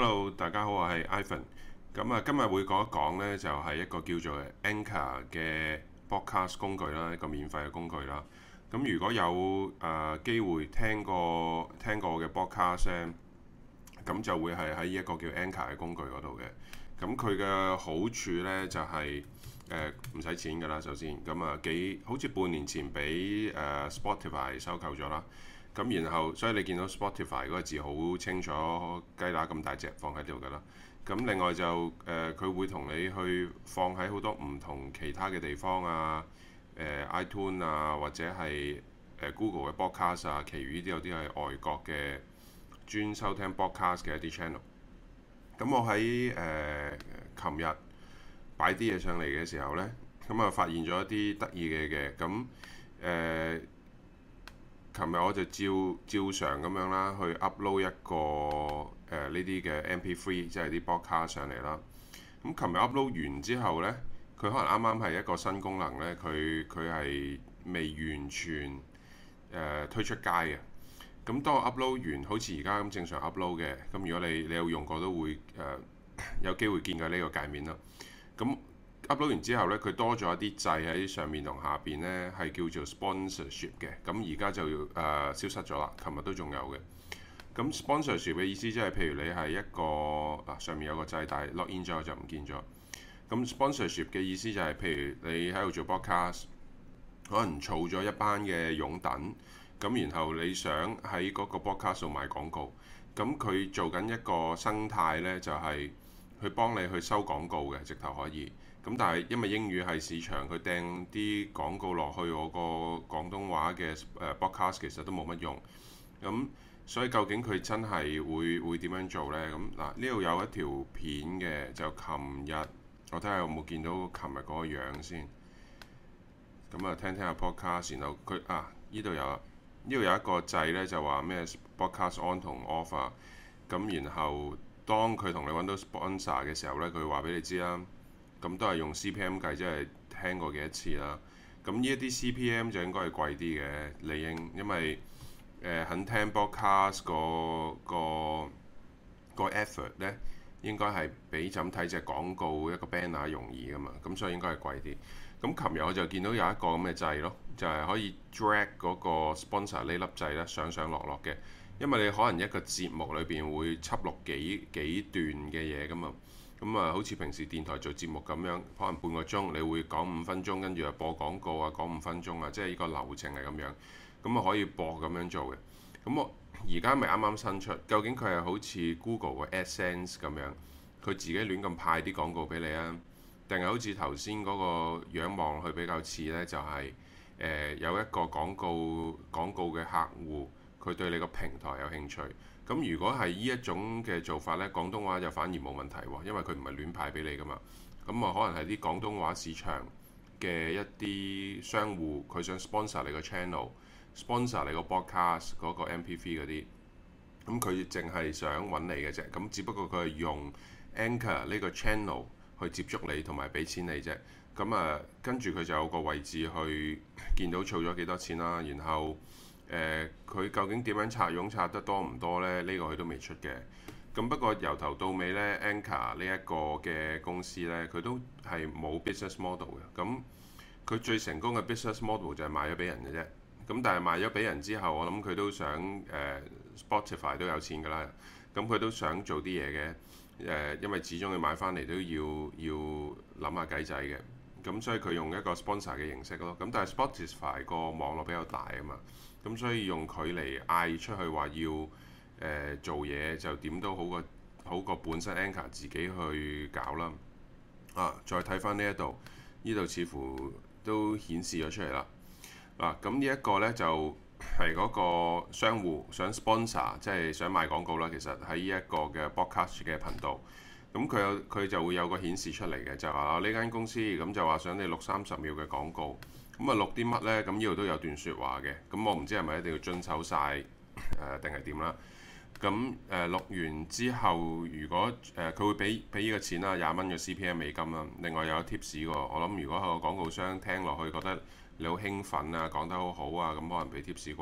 Hello，大家好，我係 Ivan。咁啊，今日會講一講咧，就係一個叫做 Anchor 嘅 Podcast 工具啦，一個免費嘅工具啦。咁如果有誒機會聽過聽過我嘅 Podcast 聲，咁就會係喺一個叫 Anchor 嘅工具嗰度嘅。咁佢嘅好處咧就係誒唔使錢噶啦，首先。咁啊，幾好似半年前俾誒 Spotify 收購咗啦。咁然後，所以你見到 Spotify 嗰個字好清楚，雞乸咁大隻放喺度㗎啦。咁另外就誒，佢、呃、會同你去放喺好多唔同其他嘅地方啊，誒、呃、iTunes 啊，或者係誒、呃、Google 嘅 Podcast 啊，其餘呢啲有啲係外國嘅專收聽 Podcast 嘅一啲 channel。咁我喺誒琴日擺啲嘢上嚟嘅時候呢，咁啊發現咗一啲得意嘅嘅，咁誒。呃琴日我就照照常咁樣啦，去 upload 一個誒呢啲嘅 MP3 即係啲 podcast 上嚟啦。咁琴日 upload 完之後呢，佢可能啱啱係一個新功能呢，佢佢係未完全誒、呃、推出街嘅。咁當我 upload 完，好似而家咁正常 upload 嘅。咁如果你你有用過都會誒、呃、有機會見過呢個界面啦。咁。upload 完之後咧，佢多咗一啲掣喺上面同下邊咧，係叫做 sponsorship 嘅。咁而家就要誒、呃、消失咗啦。琴日都仲有嘅。咁 sponsorship 嘅意思即係，譬如你係一個嗱、啊、上面有個掣，但係 lock in 咗就唔見咗。咁 sponsorship 嘅意思就係，譬如你喺度做 broadcast 可能儲咗一班嘅擁躉，咁然後你想喺嗰個 broadcast 度賣廣告，咁佢做緊一個生態咧，就係去幫你去收廣告嘅，直頭可以。咁但係，因為英語係市場，佢掟啲廣告落去，我個廣東話嘅誒 podcast 其實都冇乜用。咁所以究竟佢真係會會點樣做呢？咁嗱，呢度有一條片嘅，就琴日我睇下有冇見到琴日嗰個樣先。咁啊，聽聽下 podcast，然後佢啊，呢度有啦，呢度有一個掣呢，就話咩 podcast on 同 offer。咁然後當佢同你揾到 sponsor 嘅時候呢，佢話俾你知啦。咁都係用 C P M 計，即係聽過幾次啦。咁呢一啲 C P M 就應該係貴啲嘅，理應因為誒、呃、肯聽 broadcast 個個個 effort 咧，應該係比就咁睇隻廣告一個 banner 容易噶嘛。咁所以應該係貴啲。咁琴日我就見到有一個咁嘅掣咯，就係、是、可以 drag 嗰個 sponsor 呢粒掣咧上上落落嘅，因為你可能一個節目裏邊會輯錄幾幾段嘅嘢噶嘛。咁啊、嗯，好似平時電台做節目咁樣，可能半個鐘，你會講五分鐘，跟住又播廣告啊，講五分鐘啊，即係呢個流程係咁樣。咁、嗯、啊，可以播咁樣做嘅。咁我而家咪啱啱新出，究竟佢係好似 Google 個 AdSense 咁樣，佢自己亂咁派啲廣告俾你啊？定係好似頭先嗰個仰望去比較似呢？就係、是、誒、呃、有一個廣告廣告嘅客戶，佢對你個平台有興趣。咁如果係呢一種嘅做法呢，廣東話就反而冇問題喎，因為佢唔係亂派俾你噶嘛。咁啊，可能係啲廣東話市場嘅一啲商戶，佢想 sponsor 你個 channel，sponsor 你個 broadcast 嗰個 MPV 嗰啲。咁佢淨係想揾你嘅啫，咁只不過佢係用 Anchor 呢個 channel 去接觸你同埋俾錢你啫。咁啊，跟住佢就有個位置去見到儲咗幾多錢啦，然後。誒佢、呃、究竟點樣拆，傭拆得多唔多咧？呢、這個佢都未出嘅。咁不過由頭到尾咧，Anchor 呢一個嘅公司咧，佢都係冇 business model 嘅。咁佢最成功嘅 business model 就係賣咗俾人嘅啫。咁但係賣咗俾人之後，我諗佢都想誒、呃、Spotify 都有錢㗎啦。咁佢都想做啲嘢嘅。誒、呃，因為始終佢買翻嚟都要要諗下計仔嘅。咁所以佢用一個 sponsor 嘅形式咯，咁但係 Spotify 個網絡比較大啊嘛，咁所以用佢嚟嗌出去話要誒、呃、做嘢就點都好過好過本身 Anchor 自己去搞啦。啊，再睇翻呢一度，呢度似乎都顯示咗出嚟啦。嗱、啊，咁呢一個呢，就係、是、嗰個商戶想 sponsor，即係想買廣告啦。其實喺呢一個嘅 podcast 嘅頻道。咁佢有佢就會有個顯示出嚟嘅，就係話啊呢間公司咁就話想你錄三十秒嘅廣告，咁啊錄啲乜呢？咁呢度都有段説話嘅。咁我唔知係咪一定要遵守晒誒定係點啦？咁、呃、誒、呃、錄完之後，如果誒佢、呃、會俾俾呢個錢啦，廿蚊嘅 C P M 美金啦。另外有 tips 喎，我諗如果個廣告商聽落去覺得你好興奮啊，講得好好啊，咁可能俾 tips 啩。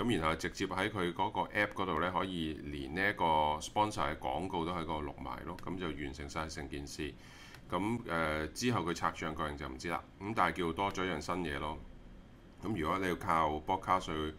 咁然後直接喺佢嗰個 app 度呢，可以連呢一個 sponsor 嘅廣告都喺嗰度錄埋咯，咁就完成晒成件事。咁誒、呃、之後佢拆帳過程就唔知啦。咁但係叫多咗一樣新嘢咯。咁如果你要靠 Podcast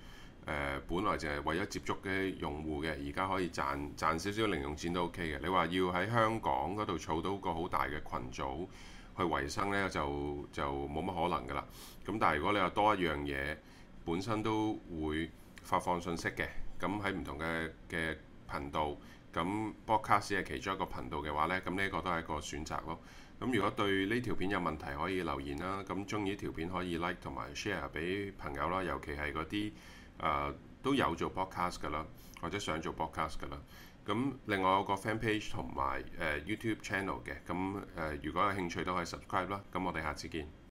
本來就係為咗接觸嘅用戶嘅，而家可以賺賺少少零用錢都 OK 嘅。你話要喺香港嗰度儲到個好大嘅群組去維生呢，就就冇乜可能噶啦。咁但係如果你話多一樣嘢，本身都會發放信息嘅，咁喺唔同嘅嘅頻道，咁 Podcast 係其中一個頻道嘅話呢，咁呢一個都係一個選擇咯。咁如果對呢條片有問題，可以留言啦。咁中意條片可以 Like 同埋 Share 俾朋友啦，尤其係嗰啲誒都有做 Podcast 噶啦，或者想做 Podcast 噶啦。咁另外有個 Fan Page 同埋誒 YouTube Channel 嘅，咁誒、呃、如果有興趣都可以 Subscribe 啦。咁我哋下次見。